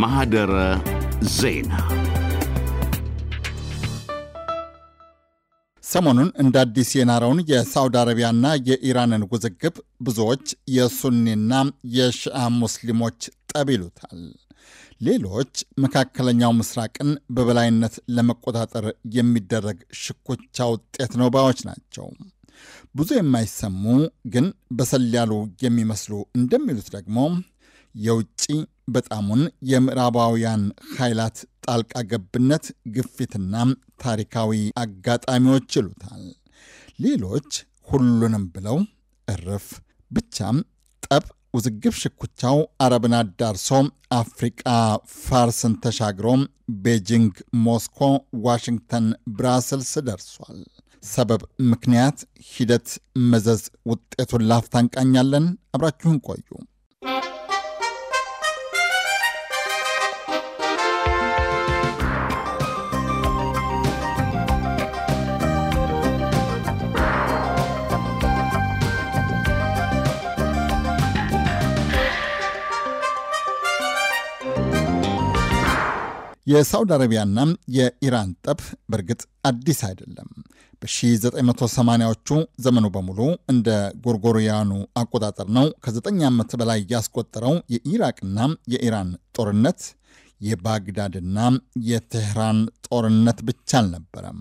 ማህደረ ዜና ሰሞኑን እንደ አዲስ የናረውን የሳውዲ አረቢያና የኢራንን ውዝግብ ብዙዎች የሱኒና የሽአ ሙስሊሞች ጠብ ይሉታል። ሌሎች መካከለኛው ምስራቅን በበላይነት ለመቆጣጠር የሚደረግ ሽኩቻ ውጤት ነው ባዮች ናቸው። ብዙ የማይሰሙ ግን በሰል ያሉ የሚመስሉ እንደሚሉት ደግሞ የውጭ በጣሙን የምዕራባውያን ኃይላት ጣልቃ ገብነት ግፊትና ታሪካዊ አጋጣሚዎች ይሉታል። ሌሎች ሁሉንም ብለው እርፍ ብቻም ጠብ ውዝግብ ሽኩቻው አረብን አዳርሶ አፍሪቃ ፋርስን ተሻግሮ ቤጂንግ፣ ሞስኮ፣ ዋሽንግተን፣ ብራስልስ ደርሷል። ሰበብ፣ ምክንያት፣ ሂደት፣ መዘዝ ውጤቱን ላፍታ እንቃኛለን። አብራችሁን ቆዩ። የሳውዲ አረቢያና የኢራን ጠብ በእርግጥ አዲስ አይደለም። በ1980ዎቹ ዘመኑ በሙሉ እንደ ጎርጎሪያኑ አቆጣጠር ነው። ከ9 ዓመት በላይ ያስቆጠረው የኢራቅና የኢራን ጦርነት የባግዳድና የቴህራን ጦርነት ብቻ አልነበረም።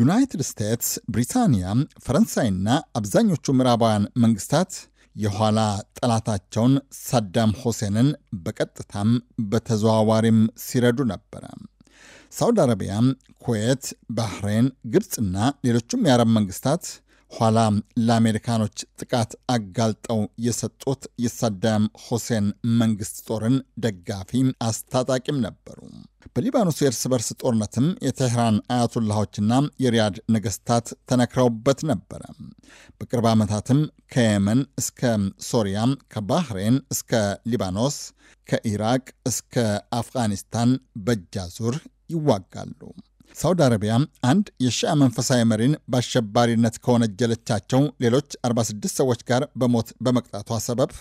ዩናይትድ ስቴትስ፣ ብሪታንያ፣ ፈረንሳይና አብዛኞቹ ምዕራባውያን መንግስታት የኋላ ጠላታቸውን ሳዳም ሁሴንን በቀጥታም በተዘዋዋሪም ሲረዱ ነበረ። ሳውዲ አረቢያ፣ ኩዌት፣ ባህሬን፣ ግብፅና ሌሎችም የአረብ መንግስታት ኋላ ለአሜሪካኖች ጥቃት አጋልጠው የሰጡት የሳዳም ሁሴን መንግስት ጦርን ደጋፊ አስታጣቂም ነበሩ። በሊባኖስ የእርስ በርስ ጦርነትም የቴህራን አያቱላሆችና የሪያድ ነገስታት ተነክረውበት ነበረ። በቅርብ ዓመታትም ከየመን እስከ ሶሪያ፣ ከባህሬን እስከ ሊባኖስ፣ ከኢራቅ እስከ አፍጋኒስታን በጃዙር ይዋጋሉ። ሳውዲ አረቢያ አንድ የሺዓ መንፈሳዊ መሪን በአሸባሪነት ከወነጀለቻቸው ሌሎች 46 ሰዎች ጋር በሞት በመቅጣቷ ሰበብ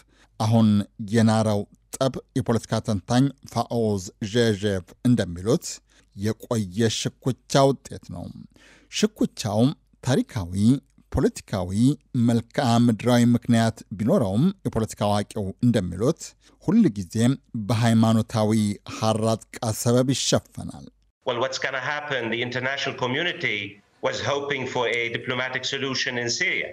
አሁን የናረው ጠብ የፖለቲካ ተንታኝ ፋኦዝ ዤዤቭ እንደሚሉት የቆየ ሽኩቻ ውጤት ነው። ሽኩቻው ታሪካዊ፣ ፖለቲካዊ፣ መልክዓ ምድራዊ ምክንያት ቢኖረውም የፖለቲካ አዋቂው እንደሚሉት ሁል ጊዜ በሃይማኖታዊ ሐራጥቃ ሰበብ ይሸፈናል። ኢንተርናሽናል ኮሚዩኒቲ ዋዝ ኤ ዲፕሎማቲክ ሶሉሽን ሲሪያ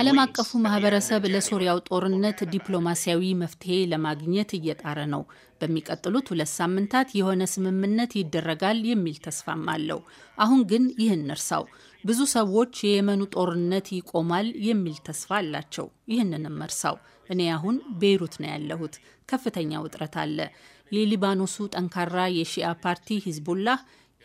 ዓለም አቀፉ ማህበረሰብ ለሶሪያው ጦርነት ዲፕሎማሲያዊ መፍትሄ ለማግኘት እየጣረ ነው። በሚቀጥሉት ሁለት ሳምንታት የሆነ ስምምነት ይደረጋል የሚል ተስፋም አለው። አሁን ግን ይህን እርሳው። ብዙ ሰዎች የየመኑ ጦርነት ይቆማል የሚል ተስፋ አላቸው። ይህንንም እርሳው። እኔ አሁን ቤይሩት ነው ያለሁት። ከፍተኛ ውጥረት አለ። የሊባኖሱ ጠንካራ የሺአ ፓርቲ ሂዝቡላህ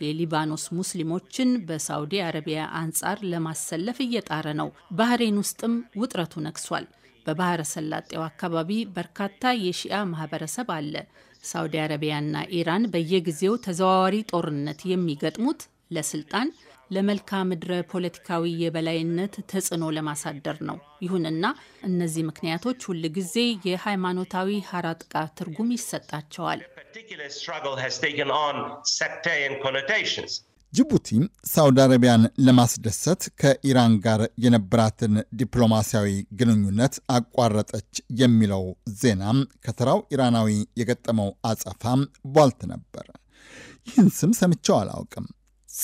የሊባኖስ ሙስሊሞችን በሳውዲ አረቢያ አንጻር ለማሰለፍ እየጣረ ነው። ባህሬን ውስጥም ውጥረቱ ነግሷል። በባህረ ሰላጤው አካባቢ በርካታ የሺአ ማህበረሰብ አለ። ሳውዲ አረቢያና ኢራን በየጊዜው ተዘዋዋሪ ጦርነት የሚገጥሙት ለስልጣን ለመልክዓ ምድረ ፖለቲካዊ የበላይነት ተጽዕኖ ለማሳደር ነው። ይሁንና እነዚህ ምክንያቶች ሁል ጊዜ የሃይማኖታዊ ሀራጥቃ ትርጉም ይሰጣቸዋል። ጅቡቲ ሳውዲ አረቢያን ለማስደሰት ከኢራን ጋር የነበራትን ዲፕሎማሲያዊ ግንኙነት አቋረጠች የሚለው ዜናም ከተራው ኢራናዊ የገጠመው አጸፋም ቧልት ነበር። ይህን ስም ሰምቸው አላውቅም።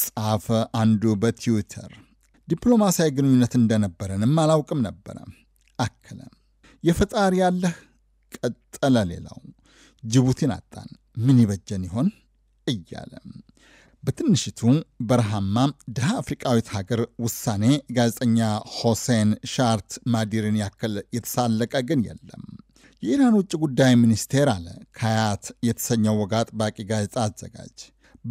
ጻፈ አንዱ በትዊተር። ዲፕሎማሲያዊ ግንኙነት እንደነበረንም አላውቅም ነበረ አከለ። የፈጣሪ ያለህ ቀጠለ። ሌላው ጅቡቲን አጣን፣ ምን ይበጀን ይሆን እያለ በትንሽቱ በረሃማ ድሃ አፍሪቃዊት ሀገር ውሳኔ ጋዜጠኛ ሆሴን ሻርት ማዲርን ያክል የተሳለቀ ግን የለም። የኢራን ውጭ ጉዳይ ሚኒስቴር አለ ካያት የተሰኘው ወግ አጥባቂ ጋዜጣ አዘጋጅ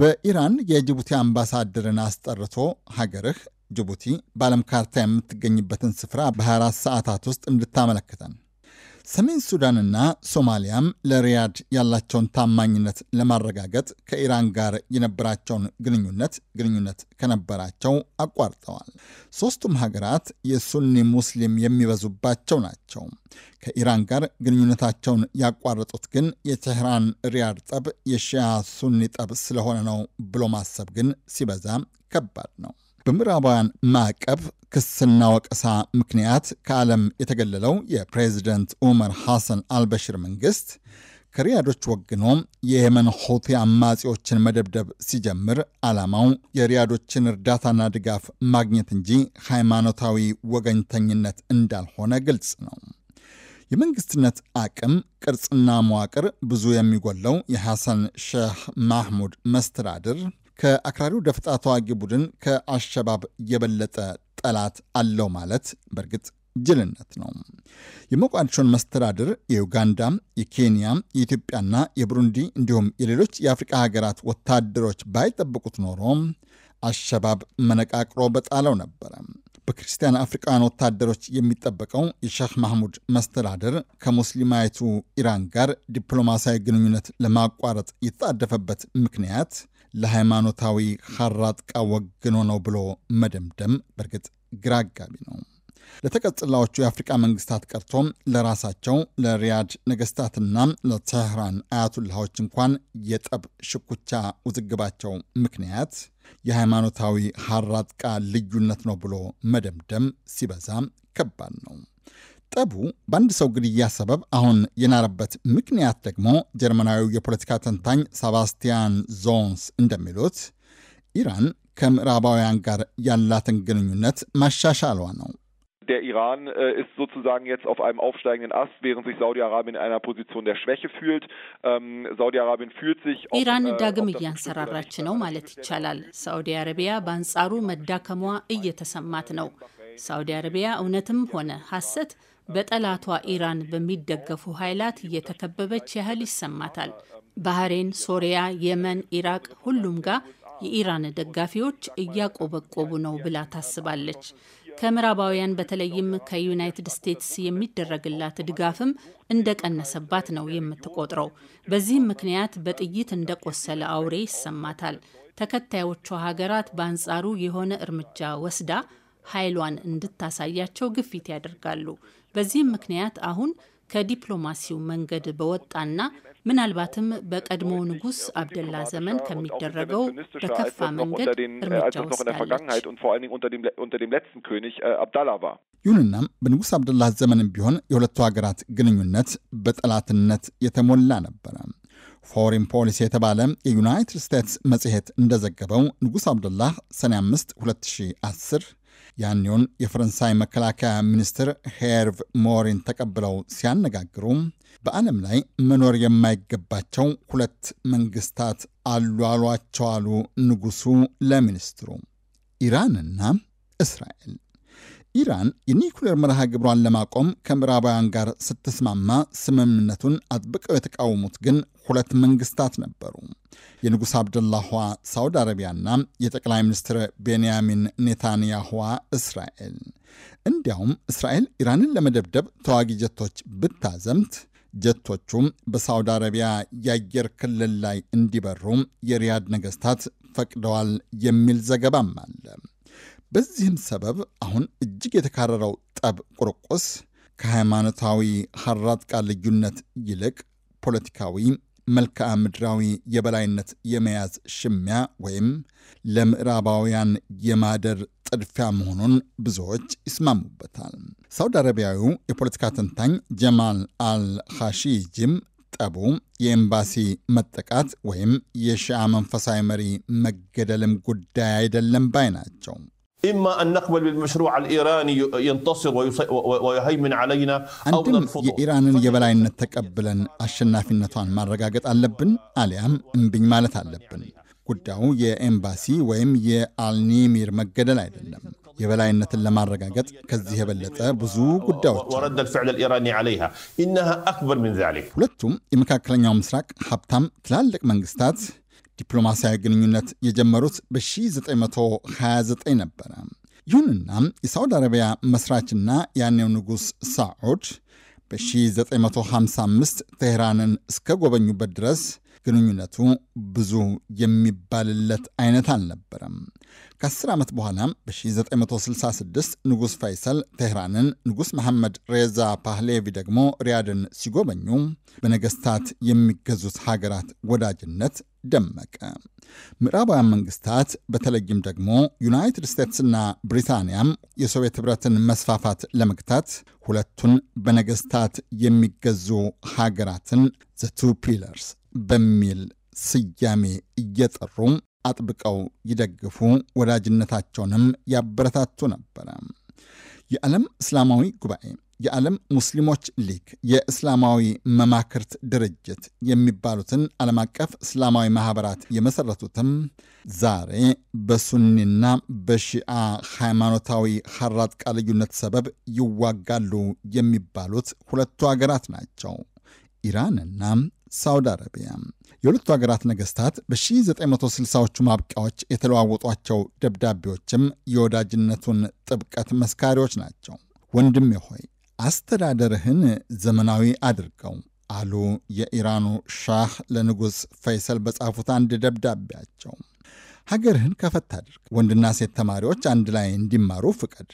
በኢራን የጅቡቲ አምባሳደርን አስጠርቶ ሀገርህ ጅቡቲ በዓለም ካርታ የምትገኝበትን ስፍራ በ24 ሰዓታት ውስጥ እንድታመለክተን ሰሜን ሱዳንና ሶማሊያም ለሪያድ ያላቸውን ታማኝነት ለማረጋገጥ ከኢራን ጋር የነበራቸውን ግንኙነት ግንኙነት ከነበራቸው አቋርጠዋል። ሦስቱም ሀገራት የሱኒ ሙስሊም የሚበዙባቸው ናቸው። ከኢራን ጋር ግንኙነታቸውን ያቋረጡት ግን የቴህራን ሪያድ ጠብ የሺያ ሱኒ ጠብ ስለሆነ ነው ብሎ ማሰብ ግን ሲበዛ ከባድ ነው። በምዕራባውያን ማዕቀብ ክስና ወቀሳ ምክንያት ከዓለም የተገለለው የፕሬዚደንት ዑመር ሐሰን አልበሽር መንግሥት ከሪያዶች ወግኖ የየመን ሆቴ አማጺዎችን መደብደብ ሲጀምር ዓላማው የሪያዶችን እርዳታና ድጋፍ ማግኘት እንጂ ሃይማኖታዊ ወገኝተኝነት እንዳልሆነ ግልጽ ነው። የመንግስትነት አቅም ቅርጽና መዋቅር ብዙ የሚጎለው የሐሰን ሼህ ማህሙድ መስተዳድር ከአክራሪው ደፍጣ ተዋጊ ቡድን ከአሸባብ የበለጠ ጠላት አለው ማለት በእርግጥ ጅልነት ነው። የሞቃዲሾን መስተዳድር የዩጋንዳ፣ የኬንያ፣ የኢትዮጵያና የብሩንዲ እንዲሁም የሌሎች የአፍሪቃ ሀገራት ወታደሮች ባይጠብቁት ኖሮ አሸባብ መነቃቅሮ በጣለው ነበረ። በክርስቲያን አፍሪቃውያን ወታደሮች የሚጠበቀው የሼህ ማህሙድ መስተዳድር ከሙስሊማይቱ ኢራን ጋር ዲፕሎማሲያዊ ግንኙነት ለማቋረጥ የተጣደፈበት ምክንያት ለሃይማኖታዊ ሐራጥቃ ወግኖ ነው ብሎ መደምደም በእርግጥ ግራ አጋቢ ነው። ለተቀጽላዎቹ የአፍሪቃ መንግስታት ቀርቶም ለራሳቸው ለሪያድ ነገስታትና ለቴህራን አያቱላዎች እንኳን የጠብ ሽኩቻ ውዝግባቸው ምክንያት የሃይማኖታዊ ሐራጥቃ ልዩነት ነው ብሎ መደምደም ሲበዛ ከባድ ነው። ጠቡ በአንድ ሰው ግድያ ሰበብ አሁን የናረበት ምክንያት ደግሞ ጀርመናዊ የፖለቲካ ተንታኝ ሰባስቲያን ዞንስ እንደሚሉት ኢራን ከምዕራባውያን ጋር ያላትን ግንኙነት ማሻሻሏ ነው። Der Iran äh, ist sozusagen jetzt auf einem aufsteigenden Ast, während sich Saudi-Arabien in einer Position der Schwäche fühlt. Ähm, Saudi-Arabien fühlt sich. ኢራን äh, ዳግም እያንሰራራች ነው ማለት ይቻላል። ሳውዲ አረቢያ በአንጻሩ መዳከሟ እየተሰማት ነው። ሳውዲ አረቢያ እውነትም ሆነ ሀሰት በጠላቷ ኢራን በሚደገፉ ኃይላት እየተከበበች ያህል ይሰማታል። ባህሬን፣ ሶሪያ፣ የመን፣ ኢራቅ ሁሉም ጋር የኢራን ደጋፊዎች እያቆበቆቡ ነው ብላ ታስባለች። ከምዕራባውያን በተለይም ከዩናይትድ ስቴትስ የሚደረግላት ድጋፍም እንደቀነሰባት ነው የምትቆጥረው። በዚህም ምክንያት በጥይት እንደቆሰለ አውሬ ይሰማታል። ተከታዮቿ ሀገራት በአንጻሩ የሆነ እርምጃ ወስዳ ኃይሏን እንድታሳያቸው ግፊት ያደርጋሉ። በዚህም ምክንያት አሁን ከዲፕሎማሲው መንገድ በወጣና ምናልባትም በቀድሞ ንጉስ አብደላ ዘመን ከሚደረገው በከፋ መንገድ እርምጃ ወስዳለች። በንጉስ አብደላ ዘመንም ቢሆን የሁለቱ ሀገራት ግንኙነት በጠላትነት የተሞላ ነበረ። ፎሪን ፖሊሲ የተባለ የዩናይትድ ስቴትስ መጽሔት እንደዘገበው ንጉስ አብደላህ ሰኔ 5 2010 ያኔውን የፈረንሳይ መከላከያ ሚኒስትር ሄርቭ ሞሪን ተቀብለው ሲያነጋግሩ በዓለም ላይ መኖር የማይገባቸው ሁለት መንግስታት አሉ አሏቸው አሉ ንጉሱ ለሚኒስትሩ ኢራንና እስራኤል። ኢራን የኒኩሌር መርሃ ግብሯን ለማቆም ከምዕራባውያን ጋር ስትስማማ ስምምነቱን አጥብቀው የተቃወሙት ግን ሁለት መንግስታት ነበሩ። የንጉሥ አብደላህዋ ሳውዲ አረቢያና የጠቅላይ ሚኒስትር ቤንያሚን ኔታንያሁዋ እስራኤል። እንዲያውም እስራኤል ኢራንን ለመደብደብ ተዋጊ ጀቶች ብታዘምት ጀቶቹም በሳውዲ አረቢያ የአየር ክልል ላይ እንዲበሩ የሪያድ ነገስታት ፈቅደዋል የሚል ዘገባም አለ። በዚህም ሰበብ አሁን እጅግ የተካረረው ጠብ ቁርቁስ ከሃይማኖታዊ ሀራት ልዩነት ይልቅ ፖለቲካዊ መልክዓ ምድራዊ የበላይነት የመያዝ ሽሚያ ወይም ለምዕራባውያን የማደር ጥድፊያ መሆኑን ብዙዎች ይስማሙበታል። ሳውዲ አረቢያዊው የፖለቲካ ተንታኝ ጀማል ሃሺጂም ጠቡ የኤምባሲ መጠቃት ወይም የሺዓ መንፈሳዊ መሪ መገደልም ጉዳይ አይደለም ባይ ናቸው። إما أن نقبل بالمشروع الإيراني ينتصر ويهيمن علينا أو نرفضه የኢራንን የበላይነት ተቀብለን አሸናፊነቷን ማረጋገጥ አለብን፣ አሊያም እምብኝ ማለት አለብን። ጉዳዩ የኤምባሲ ወይም የአልኒሚር መገደል አይደለም። የበላይነትን ለማረጋገጥ ከዚህ የበለጠ ብዙ ጉዳዮች ሁለቱም የመካከለኛው ምስራቅ ሀብታም ትላልቅ መንግስታት ዲፕሎማሲያዊ ግንኙነት የጀመሩት በ1929 ነበረ። ይሁንና የሳውዲ አረቢያ መስራችና ያኔው ንጉሥ ሳዑድ በ1955 ቴህራንን እስከ ጎበኙበት ድረስ ግንኙነቱ ብዙ የሚባልለት አይነት አልነበረም ከአስር ዓመት በኋላ በ1966 ንጉሥ ፋይሰል ቴህራንን፣ ንጉሥ መሐመድ ሬዛ ፓህሌቪ ደግሞ ሪያድን ሲጎበኙ በነገስታት የሚገዙት ሀገራት ወዳጅነት ደመቀ። ምዕራባውያን መንግስታት በተለይም ደግሞ ዩናይትድ ስቴትስና ብሪታንያም የሶቪየት ኅብረትን መስፋፋት ለመግታት ሁለቱን በነገስታት የሚገዙ ሀገራትን ዘ ቱ ፒለርስ በሚል ስያሜ እየጠሩ አጥብቀው ይደግፉ፣ ወዳጅነታቸውንም ያበረታቱ ነበረ። የዓለም እስላማዊ ጉባኤ፣ የዓለም ሙስሊሞች ሊግ፣ የእስላማዊ መማክርት ድርጅት የሚባሉትን ዓለም አቀፍ እስላማዊ ማኅበራት የመሠረቱትም ዛሬ በሱኒና በሺአ ሃይማኖታዊ ሐራጥቃ ልዩነት ሰበብ ይዋጋሉ የሚባሉት ሁለቱ አገራት ናቸው። ኢራንና ሳውዲ አረቢያ የሁለቱ ሀገራት ነገስታት በ1960ዎቹ ማብቂያዎች የተለዋወጧቸው ደብዳቤዎችም የወዳጅነቱን ጥብቀት መስካሪዎች ናቸው። ወንድሜ ሆይ አስተዳደርህን ዘመናዊ አድርገው አሉ የኢራኑ ሻህ ለንጉሥ ፈይሰል በጻፉት አንድ ደብዳቤያቸው። ሀገርህን ከፈት አድርግ። ወንድና ሴት ተማሪዎች አንድ ላይ እንዲማሩ ፍቀድ።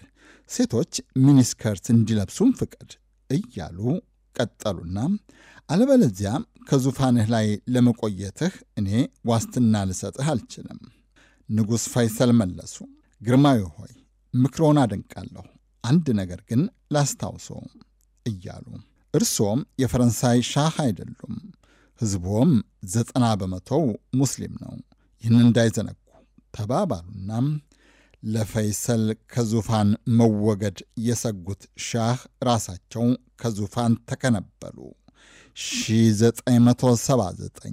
ሴቶች ሚኒስከርት እንዲለብሱም ፍቀድ እያሉ ቀጠሉና አለበለዚያ ከዙፋንህ ላይ ለመቆየትህ እኔ ዋስትና ልሰጥህ አልችልም። ንጉሥ ፋይሰል መለሱ፣ ግርማዊ ሆይ ምክሮን አደንቃለሁ፣ አንድ ነገር ግን ላስታውሶ እያሉ እርሶም የፈረንሳይ ሻህ አይደሉም፣ ሕዝቦም ዘጠና በመቶው ሙስሊም ነው፣ ይህን እንዳይዘነጉ ተባባሉና ለፈይሰል ከዙፋን መወገድ የሰጉት ሻህ ራሳቸው ከዙፋን ተከነበሉ። 1979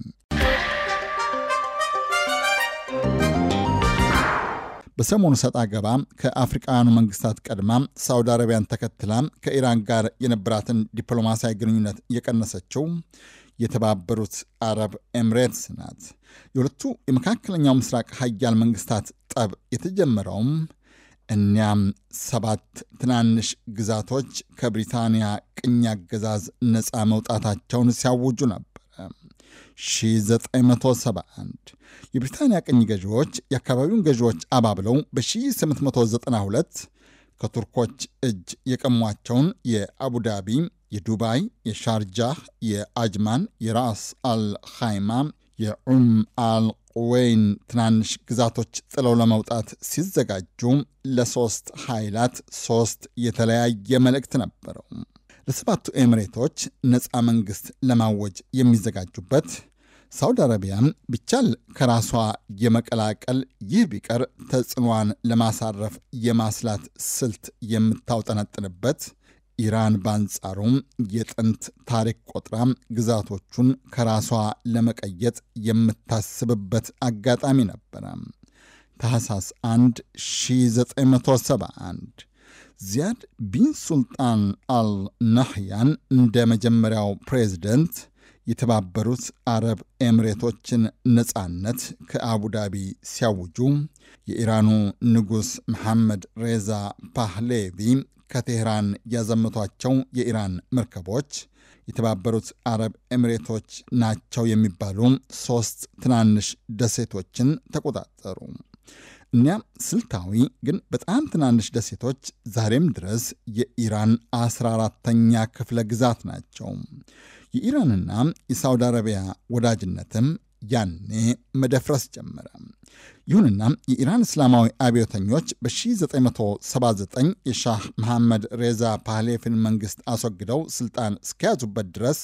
በሰሞኑ ሰጥ አገባ ከአፍሪቃውያኑ መንግስታት ቀድማ ሳውዲ አረቢያን ተከትላ ከኢራን ጋር የነበራትን ዲፕሎማሲያዊ ግንኙነት የቀነሰችው የተባበሩት አረብ ኤምሬትስ ናት። የሁለቱ የመካከለኛው ምስራቅ ሀያል መንግስታት ጠብ የተጀመረውም እኒያም ሰባት ትናንሽ ግዛቶች ከብሪታንያ ቅኝ አገዛዝ ነፃ መውጣታቸውን ሲያውጁ ነበር። 1971 የብሪታንያ ቅኝ ገዢዎች የአካባቢውን ገዢዎች አባብለው በ1892 ከቱርኮች እጅ የቀሟቸውን የአቡዳቢ የዱባይ፣ የሻርጃህ፣ የአጅማን፣ የራስ አልኻይማ፣ የዑም አልቁወይን ትናንሽ ግዛቶች ጥለው ለመውጣት ሲዘጋጁ ለሶስት ኃይላት ሶስት የተለያየ መልእክት ነበረው። ለሰባቱ ኤሚሬቶች ነፃ መንግሥት ለማወጅ የሚዘጋጁበት ሳውዲ አረቢያም ቢቻል ከራሷ የመቀላቀል ይህ ቢቀር ተጽዕኗን ለማሳረፍ የማስላት ስልት የምታውጠነጥንበት ኢራን በአንጻሩም የጥንት ታሪክ ቆጥራ ግዛቶቹን ከራሷ ለመቀየጥ የምታስብበት አጋጣሚ ነበረ። ታህሳስ 1 1971 ዚያድ ቢን ሱልጣን አል ናህያን እንደ መጀመሪያው ፕሬዚደንት የተባበሩት አረብ ኤምሬቶችን ነፃነት ከአቡዳቢ ሲያውጁ የኢራኑ ንጉሥ መሐመድ ሬዛ ፓህሌቪ ከቴህራን ያዘመቷቸው የኢራን መርከቦች የተባበሩት አረብ ኤሚሬቶች ናቸው የሚባሉ ሶስት ትናንሽ ደሴቶችን ተቆጣጠሩ። እኒያም ስልታዊ ግን በጣም ትናንሽ ደሴቶች ዛሬም ድረስ የኢራን 14ተኛ ክፍለ ግዛት ናቸው። የኢራንና የሳውዲ አረቢያ ወዳጅነትም ያኔ መደፍረስ ጀመረ። ይሁንና የኢራን እስላማዊ አብዮተኞች በ1979 የሻህ መሐመድ ሬዛ ፓህሌፍን መንግሥት አስወግደው ሥልጣን እስከያዙበት ድረስ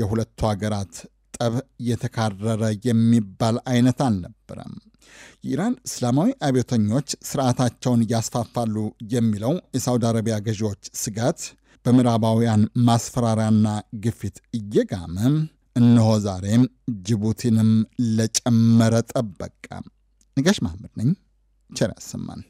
የሁለቱ አገራት ጠብ የተካረረ የሚባል አይነት አልነበረም። የኢራን እስላማዊ አብዮተኞች ስርዓታቸውን ያስፋፋሉ የሚለው የሳውዲ አረቢያ ገዢዎች ስጋት በምዕራባውያን ማስፈራሪያና ግፊት እየጋመ እነሆ ዛሬም ጅቡቲንም ለጨመረ ጠበቃ። ነጋሽ መሐመድ ነኝ። ቸር ያሰማን።